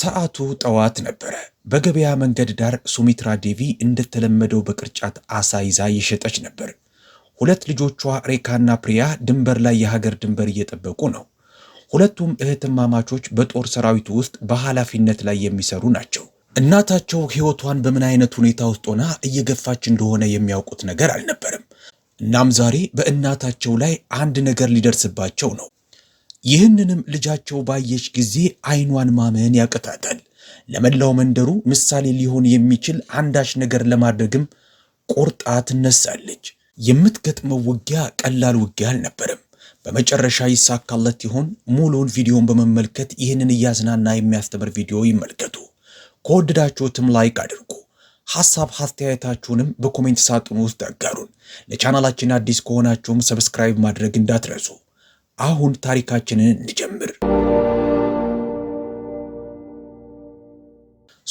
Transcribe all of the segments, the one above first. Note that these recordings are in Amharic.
ሰዓቱ ጠዋት ነበረ። በገበያ መንገድ ዳር ሱሚትራ ዴቪ እንደተለመደው በቅርጫት አሳ ይዛ እየሸጠች ነበር። ሁለት ልጆቿ ሬካና ፕሪያ ድንበር ላይ የሀገር ድንበር እየጠበቁ ነው። ሁለቱም እህትማማቾች በጦር ሰራዊቱ ውስጥ በኃላፊነት ላይ የሚሰሩ ናቸው። እናታቸው ሕይወቷን በምን አይነት ሁኔታ ውስጥ ሆና እየገፋች እንደሆነ የሚያውቁት ነገር አልነበረም። እናም ዛሬ በእናታቸው ላይ አንድ ነገር ሊደርስባቸው ነው። ይህንንም ልጃቸው ባየች ጊዜ አይኗን ማመን ያቅታታል። ለመላው መንደሩ ምሳሌ ሊሆን የሚችል አንዳች ነገር ለማድረግም ቆርጣ ትነሳለች። የምትገጥመው ውጊያ ቀላል ውጊያ አልነበረም። በመጨረሻ ይሳካለት ይሆን? ሙሉውን ቪዲዮን በመመልከት ይህንን እያዝናና የሚያስተምር ቪዲዮ ይመልከቱ። ከወደዳችሁትም ላይክ አድርጉ። ሐሳብ አስተያየታችሁንም በኮሜንት ሳጥኑ ውስጥ አጋሩን። ለቻናላችን አዲስ ከሆናችሁም ሰብስክራይብ ማድረግ እንዳትረሱ። አሁን ታሪካችንን እንጀምር።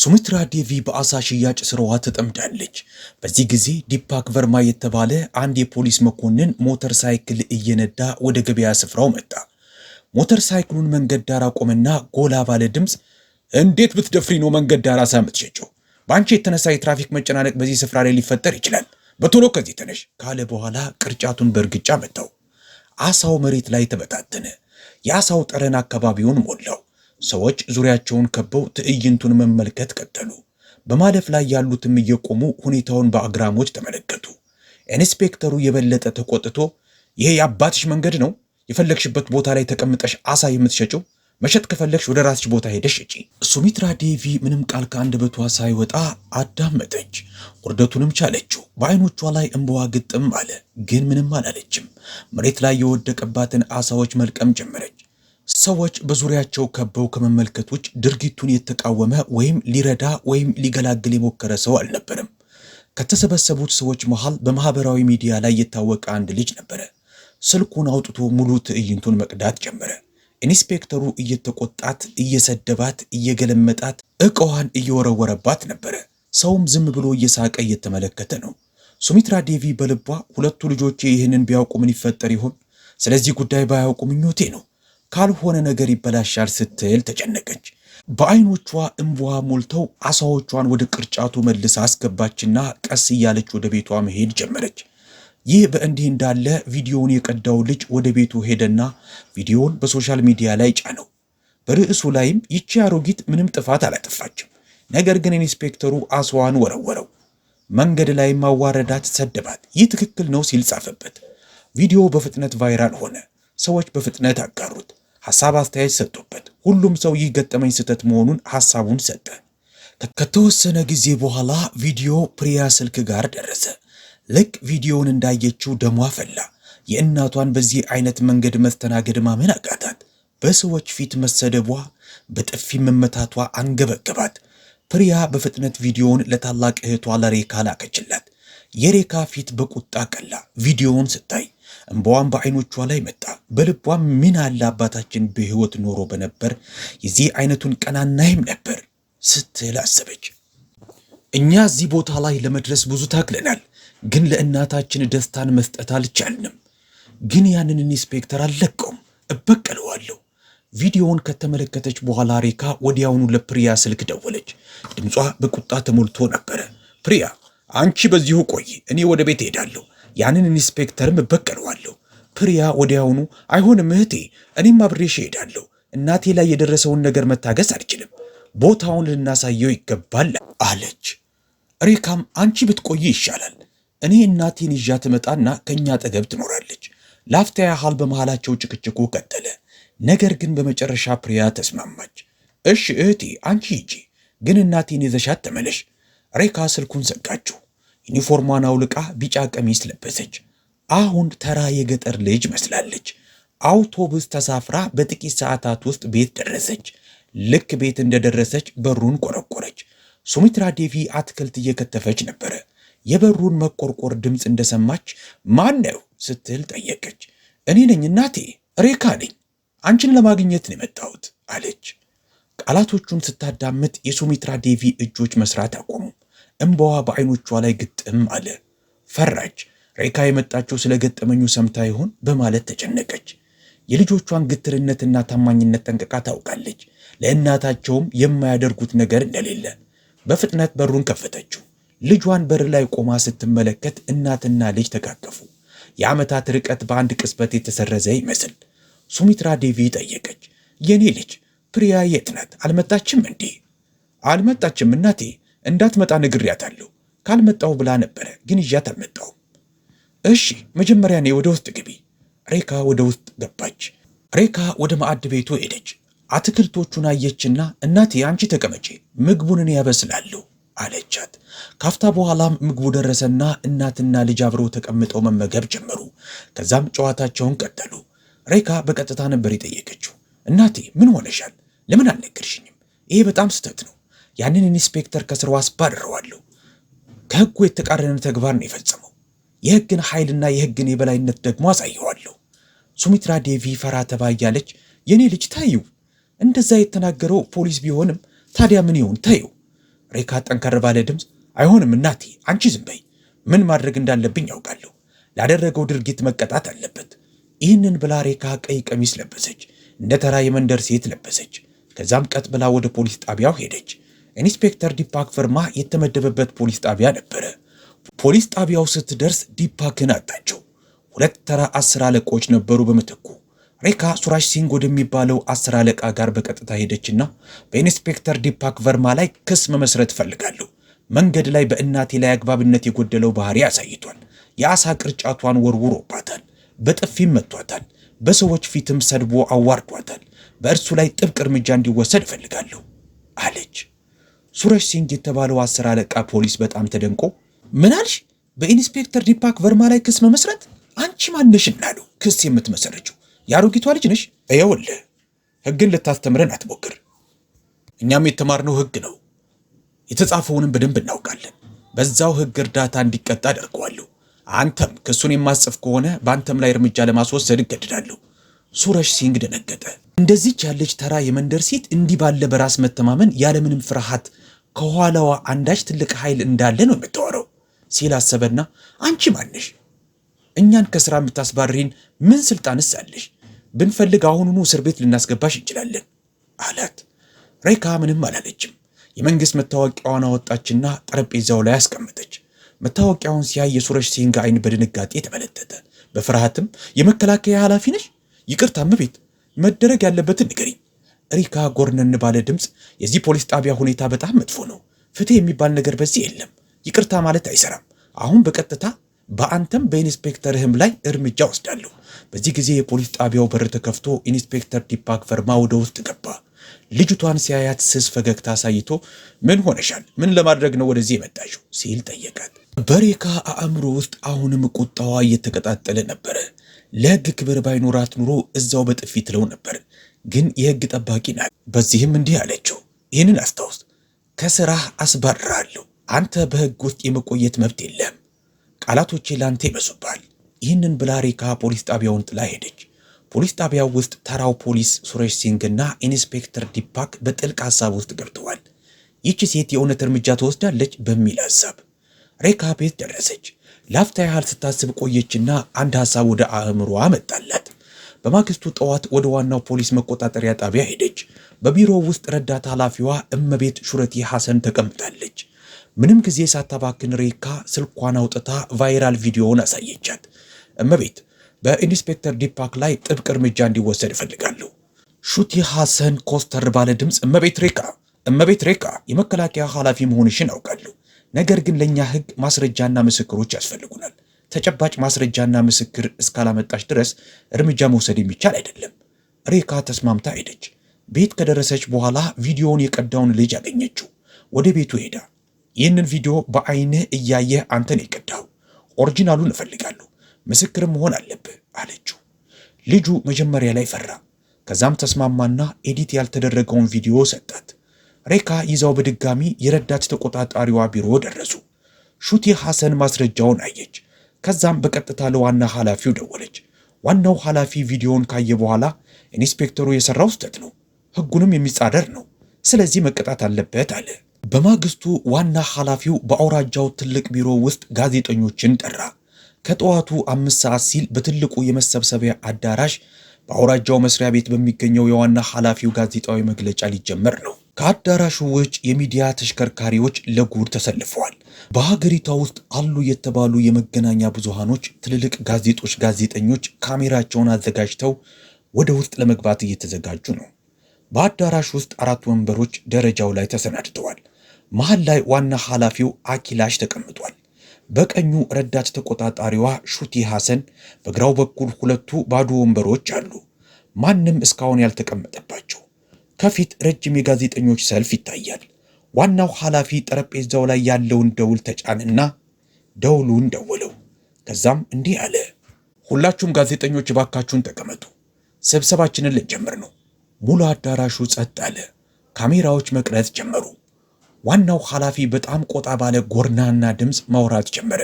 ሱሚትራ ዴቪ በአሳ ሽያጭ ስራዋ ተጠምዳለች። በዚህ ጊዜ ዲፓክ ቨርማ የተባለ አንድ የፖሊስ መኮንን ሞተር ሳይክል እየነዳ ወደ ገበያ ስፍራው መጣ። ሞተር ሳይክሉን መንገድ ዳር አቆመና ጎላ ባለ ድምፅ እንዴት ብትደፍሪ ነው መንገድ ዳር አሳ የምትሸጨው? በአንቺ የተነሳ የትራፊክ መጨናነቅ በዚህ ስፍራ ላይ ሊፈጠር ይችላል። በቶሎ ከዚህ ተነሽ ካለ በኋላ ቅርጫቱን በእርግጫ መታው። አሳው መሬት ላይ ተበታተነ። የአሳው ጠረን አካባቢውን ሞላው። ሰዎች ዙሪያቸውን ከበው ትዕይንቱን መመልከት ቀጠሉ። በማለፍ ላይ ያሉትም እየቆሙ ሁኔታውን በአግራሞች ተመለከቱ። ኢንስፔክተሩ የበለጠ ተቆጥቶ ይሄ የአባትሽ መንገድ ነው? የፈለግሽበት ቦታ ላይ ተቀምጠሽ አሳ የምትሸጭው መሸጥ ከፈለግሽ ወደ ራስሽ ቦታ ሄደሽ እጪ። ሱሚትራ ዴቪ ምንም ቃል ከአንደበቷ ሳይወጣ አዳመጠች፣ ውርደቱንም ቻለችው። በአይኖቿ ላይ እንባዋ ግጥም አለ፣ ግን ምንም አላለችም። መሬት ላይ የወደቀባትን አሳዎች መልቀም ጀመረች። ሰዎች በዙሪያቸው ከበው ከመመልከት ውጭ ድርጊቱን የተቃወመ ወይም ሊረዳ ወይም ሊገላግል የሞከረ ሰው አልነበረም። ከተሰበሰቡት ሰዎች መሃል በማህበራዊ ሚዲያ ላይ የታወቀ አንድ ልጅ ነበረ። ስልኩን አውጥቶ ሙሉ ትዕይንቱን መቅዳት ጀመረ። ኢንስፔክተሩ እየተቆጣት፣ እየሰደባት፣ እየገለመጣት እቃዋን እየወረወረባት ነበረ። ሰውም ዝም ብሎ እየሳቀ እየተመለከተ ነው። ሱሚትራ ዴቪ በልቧ ሁለቱ ልጆቼ ይህንን ቢያውቁ ምን ይፈጠር ይሆን? ስለዚህ ጉዳይ ባያውቁ ምኞቴ ነው። ካልሆነ ነገር ይበላሻል ስትል ተጨነቀች። በአይኖቿ እንቧ ሞልተው አሳዎቿን ወደ ቅርጫቱ መልሳ አስገባችና ቀስ እያለች ወደ ቤቷ መሄድ ጀመረች። ይህ በእንዲህ እንዳለ ቪዲዮውን የቀዳው ልጅ ወደ ቤቱ ሄደና ቪዲዮውን በሶሻል ሚዲያ ላይ ጫነው። በርዕሱ ላይም ይቺ አሮጊት ምንም ጥፋት አላጠፋችም፣ ነገር ግን ኢንስፔክተሩ አስዋን ወረወረው፣ መንገድ ላይ ማዋረዳት፣ ሰደባት፣ ይህ ትክክል ነው ሲል ጻፈበት። ቪዲዮ በፍጥነት ቫይራል ሆነ። ሰዎች በፍጥነት አጋሩት፣ ሐሳብ አስተያየት ሰጡበት። ሁሉም ሰው ይህ ገጠመኝ ስህተት መሆኑን ሐሳቡን ሰጠ። ከተወሰነ ጊዜ በኋላ ቪዲዮ ፕሪያ ስልክ ጋር ደረሰ። ልክ ቪዲዮውን እንዳየችው ደሟ ፈላ። የእናቷን በዚህ አይነት መንገድ መስተናገድ ማመን አቃታት። በሰዎች ፊት መሰደቧ፣ በጥፊ መመታቷ አንገበገባት። ፕሪያ በፍጥነት ቪዲዮውን ለታላቅ እህቷ ለሬካ ላከችላት። የሬካ ፊት በቁጣ ቀላ። ቪዲዮውን ስታይ እንባዋም በአይኖቿ ላይ መጣ። በልቧም ምን አለ አባታችን በሕይወት ኖሮ በነበር የዚህ አይነቱን ቀናናይም ነበር ስትል አሰበች። እኛ እዚህ ቦታ ላይ ለመድረስ ብዙ ታግለናል። ግን ለእናታችን ደስታን መስጠት አልቻልንም። ግን ያንን ኢንስፔክተር አልለቀውም፣ እበቀለዋለሁ። ቪዲዮውን ከተመለከተች በኋላ ሬካ ወዲያውኑ ለፕሪያ ስልክ ደወለች። ድምጿ በቁጣ ተሞልቶ ነበረ። ፕሪያ አንቺ በዚሁ ቆይ፣ እኔ ወደ ቤት እሄዳለሁ፣ ያንን ኢንስፔክተርም እበቀለዋለሁ። ፕሪያ ወዲያውኑ አይሆንም እህቴ፣ እኔም አብሬሽ እሄዳለሁ። እናቴ ላይ የደረሰውን ነገር መታገስ አልችልም፣ ቦታውን ልናሳየው ይገባል አለች። ሬካም አንቺ ብትቆይ ይሻላል እኔ እናቴን ይዣ ትመጣና ከእኛ አጠገብ ትኖራለች። ላፍታ ያህል በመሃላቸው ጭቅጭቁ ቀጠለ። ነገር ግን በመጨረሻ ፕሪያ ተስማማች። እሺ እህቴ አንቺ ሂጂ፣ ግን እናቴን ይዘሻት ተመለሽ። ሬካ ስልኩን ዘጋችው። ዩኒፎርሟን አውልቃ ቢጫ ቀሚስ ለበሰች። አሁን ተራ የገጠር ልጅ መስላለች። አውቶቡስ ተሳፍራ በጥቂት ሰዓታት ውስጥ ቤት ደረሰች። ልክ ቤት እንደደረሰች በሩን ቆረቆረች። ሱሚትራ ዴቪ አትክልት እየከተፈች ነበረ። የበሩን መቆርቆር ድምፅ እንደሰማች ማን ነው ስትል ጠየቀች። እኔ ነኝ እናቴ፣ ሬካ ነኝ። አንቺን ለማግኘት ነው የመጣሁት አለች። ቃላቶቹን ስታዳምጥ የሱሚትራ ዴቪ እጆች መስራት አቆሙ። እምባዋ በአይኖቿ ላይ ግጥም አለ። ፈራች። ሬካ የመጣችው ስለ ገጠመኙ ሰምታ ይሆን በማለት ተጨነቀች። የልጆቿን ግትርነትና ታማኝነት ጠንቅቃ ታውቃለች። ለእናታቸውም የማያደርጉት ነገር እንደሌለ በፍጥነት በሩን ከፈተችው። ልጇን በር ላይ ቆማ ስትመለከት እናትና ልጅ ተቃቀፉ። የዓመታት ርቀት በአንድ ቅጽበት የተሰረዘ ይመስል ሱሚትራ ዴቪ ጠየቀች። የኔ ልጅ ፕሪያ የት ናት? አልመጣችም እንዴ? አልመጣችም እናቴ፣ እንዳትመጣ ነግሬያታለሁ። ካልመጣው ብላ ነበረ፣ ግን ይዣት አልመጣሁም። እሺ መጀመሪያ እኔ ወደ ውስጥ ግቢ። ሬካ ወደ ውስጥ ገባች። ሬካ ወደ ማዕድ ቤቱ ሄደች። አትክልቶቹን አየችና እናቴ አንቺ ተቀመጪ፣ ምግቡን እኔ ያበስላለሁ አለቻት። ካፍታ በኋላም ምግቡ ደረሰና እናትና ልጅ አብረው ተቀምጠው መመገብ ጀመሩ። ከዛም ጨዋታቸውን ቀጠሉ። ሬካ በቀጥታ ነበር የጠየቀችው። እናቴ ምን ሆነሻል? ለምን አልነገርሽኝም? ይሄ በጣም ስህተት ነው። ያንን ኢንስፔክተር ከስራው አባርረዋለሁ። ከህጉ የተቃረነ ተግባር ነው የፈጸመው። የህግን ኃይልና የህግን የበላይነት ደግሞ አሳየዋለሁ። ሱሚትራ ዴቪ ፈራ ተባ እያለች የእኔ ልጅ ታዩ እንደዛ የተናገረው ፖሊስ ቢሆንም ታዲያ ምን ይሆን ታዩ ሬካ ጠንከር ባለ ድምፅ አይሆንም እናቴ፣ አንቺ ዝም በይ። ምን ማድረግ እንዳለብኝ ያውቃለሁ። ላደረገው ድርጊት መቀጣት አለበት። ይህንን ብላ ሬካ ቀይ ቀሚስ ለበሰች፣ እንደ ተራ የመንደር ሴት ለበሰች። ከዛም ቀጥ ብላ ወደ ፖሊስ ጣቢያው ሄደች። ኢንስፔክተር ዲፓክ ፈርማ የተመደበበት ፖሊስ ጣቢያ ነበረ። ፖሊስ ጣቢያው ስትደርስ ዲፓክን አጣቸው። ሁለት ተራ አስር አለቆች ነበሩ በምትኩ ሬካ ሱራጅ ሲንግ ወደሚባለው አስር አለቃ ጋር በቀጥታ ሄደችና በኢንስፔክተር ዲፓክ ቨርማ ላይ ክስ መመስረት እፈልጋለሁ። መንገድ ላይ በእናቴ ላይ አግባብነት የጎደለው ባህሪ አሳይቷል። የአሳ ቅርጫቷን ወርውሮባታል፣ በጥፊም መቷታል፣ በሰዎች ፊትም ሰድቦ አዋርዷታል። በእርሱ ላይ ጥብቅ እርምጃ እንዲወሰድ እፈልጋለሁ አለች። ሱረሽ ሲንግ የተባለው አስር አለቃ ፖሊስ በጣም ተደንቆ ምን አልሽ? በኢንስፔክተር ዲፓክ ቨርማ ላይ ክስ መመስረት አንቺ ማነሽና ነው ክስ የምትመሰርችው? የአሮጊቷ ልጅ ነሽ? እየውልህ ህግን ልታስተምረን አትሞክር። እኛም የተማርነው ህግ ነው፣ የተጻፈውንም በደንብ እናውቃለን። በዛው ህግ እርዳታ እንዲቀጣ አደርገዋለሁ። አንተም ክሱን የማጽፍ ከሆነ በአንተም ላይ እርምጃ ለማስወሰድ እገድዳለሁ። ሱረሽ ሲንግ ደነገጠ። እንደዚች ያለች ተራ የመንደር ሴት እንዲህ ባለ በራስ መተማመን ያለምንም ፍርሃት ከኋላዋ አንዳች ትልቅ ኃይል እንዳለ ነው የምታወራው ሲል አሰበና አንቺ ማንሽ? እኛን ከስራ የምታስባሪን ምን ስልጣንስ አለሽ? ብንፈልግ አሁኑኑ እስር ቤት ልናስገባሽ እንችላለን አላት። ሬካ ምንም አላለችም። የመንግስት መታወቂያዋን አወጣችና ጠረጴዛው ላይ አስቀመጠች። መታወቂያውን ሲያይ የሱረሽ ሲንግ አይን በድንጋጤ ተመለጠጠ። በፍርሃትም የመከላከያ ኃላፊ ነሽ? ይቅርታ እመቤት፣ መደረግ ያለበትን ንገሪኝ። ሪካ ጎርነን ባለ ድምፅ የዚህ ፖሊስ ጣቢያ ሁኔታ በጣም መጥፎ ነው። ፍትህ የሚባል ነገር በዚህ የለም። ይቅርታ ማለት አይሰራም። አሁን በቀጥታ በአንተም በኢንስፔክተርህም ላይ እርምጃ ወስዳለሁ። በዚህ ጊዜ የፖሊስ ጣቢያው በር ተከፍቶ ኢንስፔክተር ዲፓክ ቨርማ ወደ ውስጥ ገባ። ልጅቷን ሲያያት ስስ ፈገግታ አሳይቶ ምን ሆነሻል? ምን ለማድረግ ነው ወደዚህ የመጣሽው? ሲል ጠየቃት። በሬካ አእምሮ ውስጥ አሁንም ቁጣዋ እየተቀጣጠለ ነበረ። ለህግ ክብር ባይኖራት ኑሮ እዛው በጥፊ ትለው ነበር። ግን የህግ ጠባቂ ናት። በዚህም እንዲህ አለችው፣ ይህንን አስታውስ፣ ከስራህ አስባርራለሁ። አንተ በህግ ውስጥ የመቆየት መብት የለም። ቃላቶቼ ላንተ ይበዙባል። ይህንን ብላ ሬካ ፖሊስ ጣቢያውን ጥላ ሄደች። ፖሊስ ጣቢያው ውስጥ ተራው ፖሊስ ሱሬሽ ሲንግ እና ኢንስፔክተር ዲፓክ በጥልቅ ሀሳብ ውስጥ ገብተዋል። ይቺ ሴት የእውነት እርምጃ ትወስዳለች በሚል ሀሳብ ሬካ ቤት ደረሰች። ላፍታ ያህል ስታስብ ቆየችና አንድ ሀሳብ ወደ አእምሮ አመጣላት። በማግስቱ ጠዋት ወደ ዋናው ፖሊስ መቆጣጠሪያ ጣቢያ ሄደች። በቢሮው ውስጥ ረዳት ኃላፊዋ እመቤት ሹረቲ ሐሰን ተቀምጣለች። ምንም ጊዜ ሳታባክን ሬካ ስልኳን አውጥታ ቫይራል ቪዲዮውን አሳየቻት። እመቤት በኢንስፔክተር ዲፓክ ላይ ጥብቅ እርምጃ እንዲወሰድ እፈልጋለሁ። ሹቲ ሐሰን ኮስተር ባለ ድምፅ እመቤት ሬካ እመቤት ሬካ የመከላከያ ኃላፊ መሆንሽን አውቃለሁ። ነገር ግን ለእኛ ህግ ማስረጃና ምስክሮች ያስፈልጉናል። ተጨባጭ ማስረጃና ምስክር እስካላመጣች ድረስ እርምጃ መውሰድ የሚቻል አይደለም። ሬካ ተስማምታ ሄደች። ቤት ከደረሰች በኋላ ቪዲዮውን የቀዳውን ልጅ አገኘችው ወደ ቤቱ ሄዳ ይህንን ቪዲዮ በአይንህ እያየህ አንተን የቀዳው ኦሪጂናሉን እፈልጋለሁ ምስክርም መሆን አለብህ አለችው። ልጁ መጀመሪያ ላይ ፈራ። ከዛም ተስማማና ኤዲት ያልተደረገውን ቪዲዮ ሰጣት። ሬካ ይዛው በድጋሚ የረዳት ተቆጣጣሪዋ ቢሮ ደረሱ። ሹቲ ሐሰን ማስረጃውን አየች። ከዛም በቀጥታ ለዋና ኃላፊው ደወለች። ዋናው ኃላፊ ቪዲዮውን ካየ በኋላ ኢንስፔክተሩ የሠራው ስህተት ነው፣ ሕጉንም የሚጻረር ነው፣ ስለዚህ መቀጣት አለበት አለ። በማግስቱ ዋና ኃላፊው በአውራጃው ትልቅ ቢሮ ውስጥ ጋዜጠኞችን ጠራ። ከጠዋቱ አምስት ሰዓት ሲል በትልቁ የመሰብሰቢያ አዳራሽ በአውራጃው መስሪያ ቤት በሚገኘው የዋና ኃላፊው ጋዜጣዊ መግለጫ ሊጀመር ነው። ከአዳራሹ ውጭ የሚዲያ ተሽከርካሪዎች ለጉድ ተሰልፈዋል። በሀገሪቷ ውስጥ አሉ የተባሉ የመገናኛ ብዙሃኖች፣ ትልልቅ ጋዜጦች፣ ጋዜጠኞች ካሜራቸውን አዘጋጅተው ወደ ውስጥ ለመግባት እየተዘጋጁ ነው። በአዳራሽ ውስጥ አራት ወንበሮች ደረጃው ላይ ተሰናድተዋል። መሃል ላይ ዋና ኃላፊው አኪላሽ ተቀምጧል። በቀኙ ረዳት ተቆጣጣሪዋ ሹቲ ሐሰን፣ በግራው በኩል ሁለቱ ባዶ ወንበሮች አሉ፣ ማንም እስካሁን ያልተቀመጠባቸው። ከፊት ረጅም የጋዜጠኞች ሰልፍ ይታያል። ዋናው ኃላፊ ጠረጴዛው ላይ ያለውን ደውል ተጫነና ደውሉን ደወለው። ከዛም እንዲህ አለ። ሁላችሁም ጋዜጠኞች እባካችሁን ተቀመጡ፣ ስብሰባችንን ልንጀምር ነው። ሙሉ አዳራሹ ጸጥ አለ። ካሜራዎች መቅረጽ ጀመሩ። ዋናው ኃላፊ በጣም ቆጣ ባለ ጎርናና ድምፅ ማውራት ጀመረ።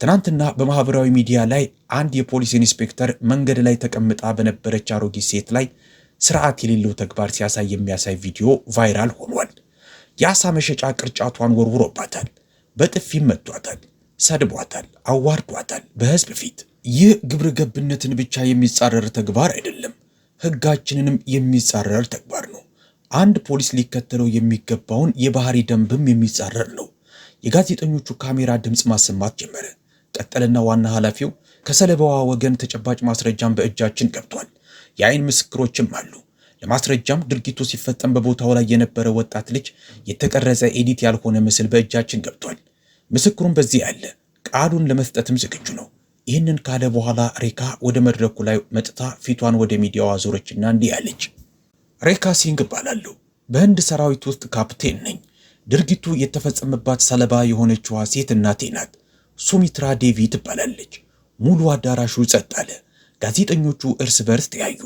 ትናንትና በማህበራዊ ሚዲያ ላይ አንድ የፖሊስ ኢንስፔክተር መንገድ ላይ ተቀምጣ በነበረች አሮጊት ሴት ላይ ስርዓት የሌለው ተግባር ሲያሳይ የሚያሳይ ቪዲዮ ቫይራል ሆኗል። የአሳ መሸጫ ቅርጫቷን ወርውሮባታል፣ በጥፊም መቷታል፣ ሰድቧታል፣ አዋርዷታል በህዝብ ፊት። ይህ ግብረ ገብነትን ብቻ የሚጻረር ተግባር አይደለም፣ ህጋችንንም የሚጻረር ተግባር ነው። አንድ ፖሊስ ሊከተለው የሚገባውን የባህሪ ደንብም የሚጻረር ነው። የጋዜጠኞቹ ካሜራ ድምፅ ማሰማት ጀመረ። ቀጠልና ዋና ኃላፊው ከሰለባዋ ወገን ተጨባጭ ማስረጃም በእጃችን ገብቷል፣ የአይን ምስክሮችም አሉ። ለማስረጃም ድርጊቱ ሲፈጸም በቦታው ላይ የነበረ ወጣት ልጅ የተቀረጸ ኤዲት ያልሆነ ምስል በእጃችን ገብቷል። ምስክሩም በዚህ ያለ ቃሉን ለመስጠትም ዝግጁ ነው። ይህንን ካለ በኋላ ሬካ ወደ መድረኩ ላይ መጥታ ፊቷን ወደ ሚዲያው ዞረችና እንዲህ አለች። ሬካ ሲንግ እባላለሁ። በህንድ ሰራዊት ውስጥ ካፕቴን ነኝ። ድርጊቱ የተፈጸመባት ሰለባ የሆነችዋ ሴት እናቴ ናት። ሱሚትራ ዴቪ ትባላለች። ሙሉ አዳራሹ ጸጥ አለ። ጋዜጠኞቹ እርስ በርስ ተያዩ።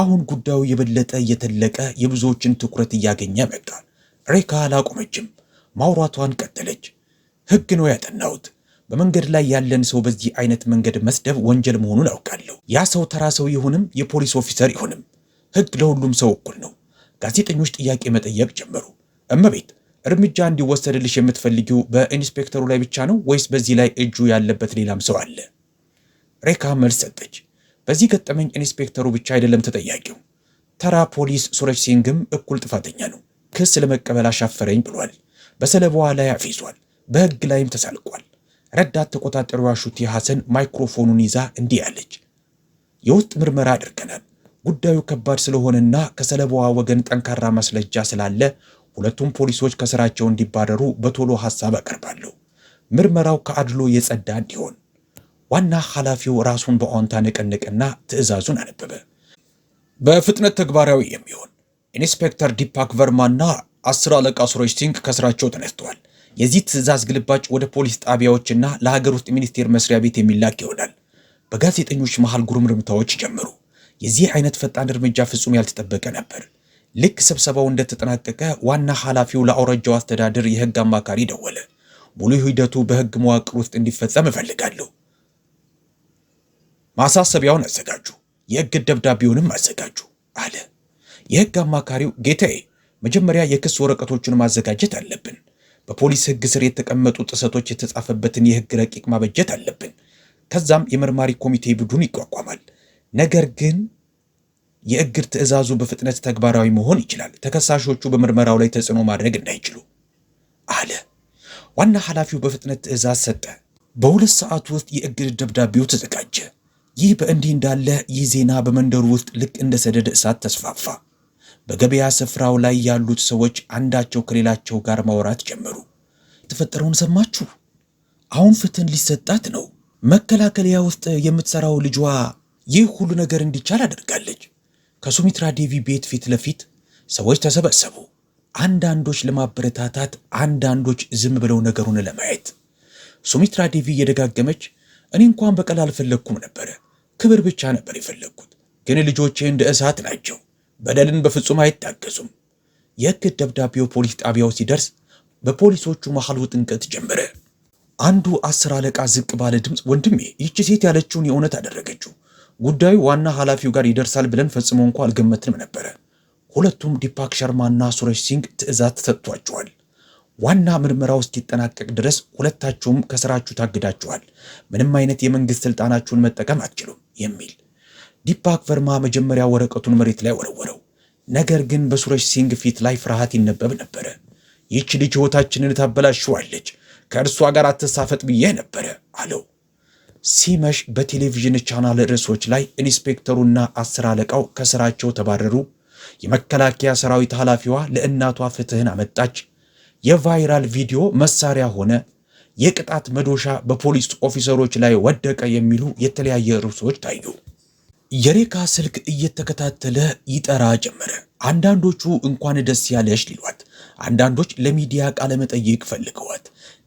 አሁን ጉዳዩ የበለጠ እየተለቀ የብዙዎችን ትኩረት እያገኘ መጣ። ሬካ አላቆመችም፣ ማውራቷን ቀጠለች። ህግ ነው ያጠናሁት። በመንገድ ላይ ያለን ሰው በዚህ አይነት መንገድ መስደብ ወንጀል መሆኑን አውቃለሁ። ያ ሰው ተራ ሰው ይሁንም የፖሊስ ኦፊሰር ይሁንም ህግ ለሁሉም ሰው እኩል ነው። ጋዜጠኞች ጥያቄ መጠየቅ ጀመሩ። እመቤት እርምጃ እንዲወሰድልሽ የምትፈልጊው በኢንስፔክተሩ ላይ ብቻ ነው ወይስ በዚህ ላይ እጁ ያለበት ሌላም ሰው አለ? ሬካ መልስ ሰጠች። በዚህ ገጠመኝ ኢንስፔክተሩ ብቻ አይደለም ተጠያቂው። ተራ ፖሊስ ሱረጅ ሲንግም እኩል ጥፋተኛ ነው። ክስ ለመቀበል አሻፈረኝ ብሏል። በሰለባዋ ላይ አፌዟል። በህግ ላይም ተሳልቋል። ረዳት ተቆጣጠሪዋ ሹቲ ሐሰን ማይክሮፎኑን ይዛ እንዲህ አለች። የውስጥ ምርመራ አድርገናል። ጉዳዩ ከባድ ስለሆነና ከሰለባዋ ወገን ጠንካራ ማስረጃ ስላለ ሁለቱም ፖሊሶች ከስራቸው እንዲባረሩ በቶሎ ሐሳብ አቀርባለሁ። ምርመራው ከአድሎ የጸዳ እንዲሆን። ዋና ኃላፊው ራሱን በአዎንታ ነቀነቀና ትዕዛዙን አነበበ። በፍጥነት ተግባራዊ የሚሆን ኢንስፔክተር ዲፓክ ቨርማና አስር አለቃ ስሮች ሲንግ ከስራቸው ተነስተዋል። የዚህ ትዕዛዝ ግልባጭ ወደ ፖሊስ ጣቢያዎችና ለሀገር ውስጥ ሚኒስቴር መስሪያ ቤት የሚላክ ይሆናል። በጋዜጠኞች መሃል ጉርምርምታዎች ጀመሩ። የዚህ አይነት ፈጣን እርምጃ ፍጹም ያልተጠበቀ ነበር። ልክ ስብሰባው እንደተጠናቀቀ ዋና ኃላፊው ለአውራጃው አስተዳደር የህግ አማካሪ ደወለ። ሙሉ ሂደቱ በህግ መዋቅር ውስጥ እንዲፈጸም እፈልጋለሁ። ማሳሰቢያውን አዘጋጁ፣ የህግ ደብዳቤውንም አዘጋጁ አለ። የህግ አማካሪው ጌታዬ፣ መጀመሪያ የክስ ወረቀቶቹን ማዘጋጀት አለብን። በፖሊስ ህግ ስር የተቀመጡ ጥሰቶች የተጻፈበትን የህግ ረቂቅ ማበጀት አለብን። ከዛም የመርማሪ ኮሚቴ ቡድን ይቋቋማል። ነገር ግን የእግድ ትዕዛዙ በፍጥነት ተግባራዊ መሆን ይችላል፣ ተከሳሾቹ በምርመራው ላይ ተጽዕኖ ማድረግ እንዳይችሉ አለ። ዋና ኃላፊው በፍጥነት ትዕዛዝ ሰጠ። በሁለት ሰዓት ውስጥ የእግድ ደብዳቤው ተዘጋጀ። ይህ በእንዲህ እንዳለ ይህ ዜና በመንደሩ ውስጥ ልክ እንደ ሰደድ እሳት ተስፋፋ። በገበያ ስፍራው ላይ ያሉት ሰዎች አንዳቸው ከሌላቸው ጋር ማውራት ጀመሩ። የተፈጠረውን ሰማችሁ? አሁን ፍትህን ሊሰጣት ነው። መከላከያ ውስጥ የምትሰራው ልጇ ይህ ሁሉ ነገር እንዲቻል አድርጋለች። ከሱሚትራ ዴቪ ቤት ፊት ለፊት ሰዎች ተሰበሰቡ። አንዳንዶች ለማበረታታት፣ አንዳንዶች ዝም ብለው ነገሩን ለማየት። ሱሚትራ ዴቪ እየደጋገመች እኔ እንኳን በቀል አልፈለግኩም ነበረ፣ ክብር ብቻ ነበር የፈለግኩት። ግን ልጆቼ እንደ እሳት ናቸው፣ በደልን በፍጹም አይታገሱም። የእግድ ደብዳቤው ፖሊስ ጣቢያው ሲደርስ በፖሊሶቹ መሃል ውጥንቀት ጀመረ። አንዱ አስር አለቃ ዝቅ ባለ ድምፅ ወንድሜ፣ ይቺ ሴት ያለችውን የእውነት አደረገችው ጉዳዩ ዋና ኃላፊው ጋር ይደርሳል ብለን ፈጽሞ እንኳ አልገመትንም ነበረ። ሁለቱም ዲፓክ ሸርማና ሱረሽ ሲንግ ትዕዛዝ ተሰጥቷቸዋል። ዋና ምርመራው እስኪጠናቀቅ ድረስ ሁለታችሁም ከስራችሁ ታግዳችኋል፣ ምንም አይነት የመንግስት ስልጣናችሁን መጠቀም አትችሉም የሚል ዲፓክ ቨርማ መጀመሪያ ወረቀቱን መሬት ላይ ወረወረው። ነገር ግን በሱረሽ ሲንግ ፊት ላይ ፍርሃት ይነበብ ነበረ። ይህች ልጅ ሕይወታችንን ታበላሽዋለች፣ ከእርሷ ጋር አትሳፈጥ ብዬ ነበረ አለው። ሲመሽ በቴሌቪዥን ቻናል ርዕሶች ላይ ኢንስፔክተሩና አስር አለቃው ከስራቸው ተባረሩ፣ የመከላከያ ሰራዊት ኃላፊዋ ለእናቷ ፍትህን አመጣች፣ የቫይራል ቪዲዮ መሳሪያ ሆነ፣ የቅጣት መዶሻ በፖሊስ ኦፊሰሮች ላይ ወደቀ የሚሉ የተለያየ ርዕሶች ታዩ። የሬካ ስልክ እየተከታተለ ይጠራ ጀመረ። አንዳንዶቹ እንኳን ደስ ያለሽ ሊሏት፣ አንዳንዶች ለሚዲያ ቃለመጠይቅ ፈልገዋት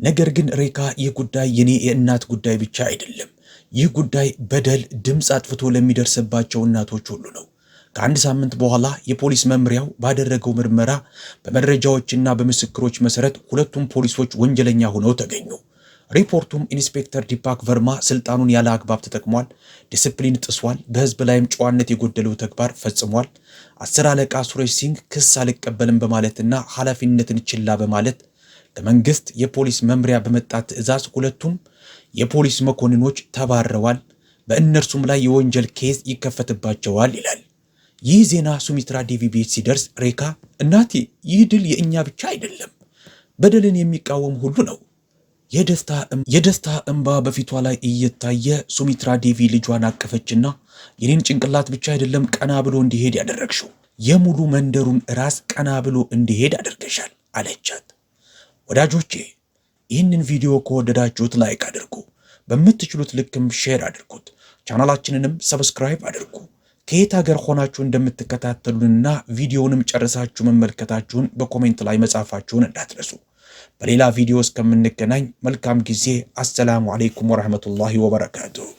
ነገር ግን ሬካ ይህ ጉዳይ የኔ የእናት ጉዳይ ብቻ አይደለም። ይህ ጉዳይ በደል ድምፅ አጥፍቶ ለሚደርስባቸው እናቶች ሁሉ ነው። ከአንድ ሳምንት በኋላ የፖሊስ መምሪያው ባደረገው ምርመራ በመረጃዎችና በምስክሮች መሰረት ሁለቱም ፖሊሶች ወንጀለኛ ሆነው ተገኙ። ሪፖርቱም ኢንስፔክተር ዲፓክ ቨርማ ስልጣኑን ያለ አግባብ ተጠቅሟል፣ ዲስፕሊን ጥሷል፣ በህዝብ ላይም ጨዋነት የጎደለው ተግባር ፈጽሟል። አስር አለቃ ሱሬሽ ሲንግ ክስ አልቀበልም በማለትና ኃላፊነትን ችላ በማለት ከመንግስት የፖሊስ መምሪያ በመጣ ትዕዛዝ ሁለቱም የፖሊስ መኮንኖች ተባረዋል፣ በእነርሱም ላይ የወንጀል ኬዝ ይከፈትባቸዋል ይላል። ይህ ዜና ሱሚትራ ዴቪ ቤት ሲደርስ ሬካ እናቴ፣ ይህ ድል የእኛ ብቻ አይደለም፣ በደልን የሚቃወም ሁሉ ነው። የደስታ እንባ በፊቷ ላይ እየታየ ሱሚትራ ዴቪ ልጇን አቀፈችና የኔን ጭንቅላት ብቻ አይደለም ቀና ብሎ እንዲሄድ ያደረግሽው፣ የሙሉ መንደሩን ራስ ቀና ብሎ እንዲሄድ አድርገሻል አለቻት። ወዳጆቼ ይህንን ቪዲዮ ከወደዳችሁት ላይክ አድርጉ። በምትችሉት ልክም ሼር አድርጉት። ቻናላችንንም ሰብስክራይብ አድርጉ። ከየት ሀገር ሆናችሁ እንደምትከታተሉንና ቪዲዮውንም ጨርሳችሁ መመልከታችሁን በኮሜንት ላይ መጻፋችሁን እንዳትረሱ። በሌላ ቪዲዮ እስከምንገናኝ መልካም ጊዜ። አሰላሙ አሌይኩም ወረህመቱላሂ ወበረካቱሁ።